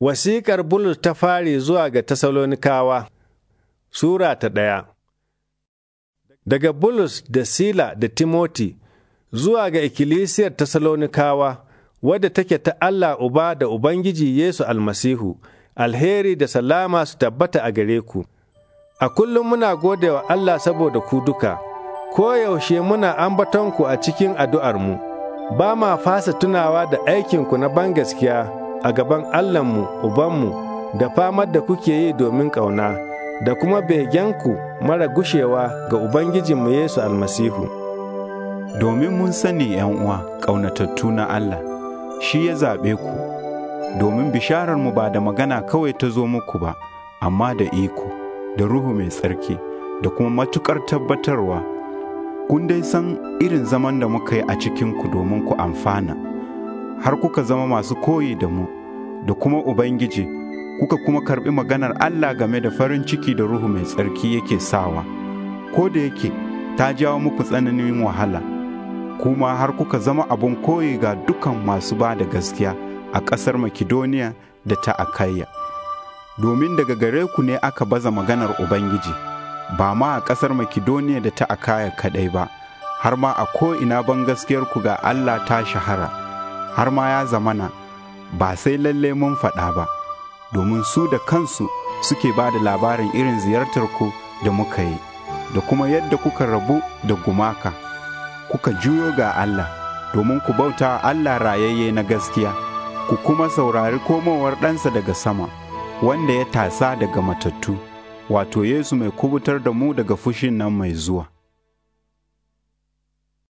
Wasiƙar Bulus ta fari zuwa ga Tasalonikawa Sura ta ɗaya Daga Bulus da Sila da Timoti zuwa ga ikkilisiyar Tasalonikawa wadda take ta Allah Uba da Ubangiji Yesu Almasihu, alheri da salama su tabbata a gare ku. A kullum muna gode wa Allah saboda ku duka, koyaushe muna ambatonku a cikin addu'armu, ba ma fasa tunawa da aikinku na bangaskiya. a gaban Allahnmu, Ubanmu, da famar da kuke yi domin ƙauna, da kuma begenku mara gushewa ga Ubangijinmu Yesu almasihu. Domin mun sani uwa ƙaunatattu na Allah, shi ya zaɓe ku, domin bishararmu ba da magana kawai ta zo muku ba, amma da iko, da ruhu mai tsarki, da kuma matuƙar tabbatarwa. Kun dai san irin zaman da muka yi a cikinku domin ku amfana. har kuka zama masu koyi da mu da kuma Ubangiji, kuka kuma karɓi maganar Allah game da farin ciki da Ruhu mai tsarki yake sawa, ko da yake ta jawo muku tsananin wahala, kuma har kuka zama abin koyi ga dukan masu ba da gaskiya a ƙasar Makidoniya da ta Akayya. Domin daga gare ku ne aka baza maganar Ubangiji, ba ma a ƙasar Makidoniya da ta Akaya kaɗai ba, har ma a ko'ina ban gaskiyarku ga Allah ta shahara. har ma ya zamana ba sai lalle mun faɗa ba domin su da kansu suke ba da labarin irin ziyartar ku da muka yi da kuma yadda kuka rabu da gumaka kuka juyo ga Allah domin ku bauta Allah rayayye na gaskiya ku kuma saurari komowar ɗansa daga sama wanda ya tasa daga matattu wato Yesu mai kubutar da mu daga fushin nan mai zuwa.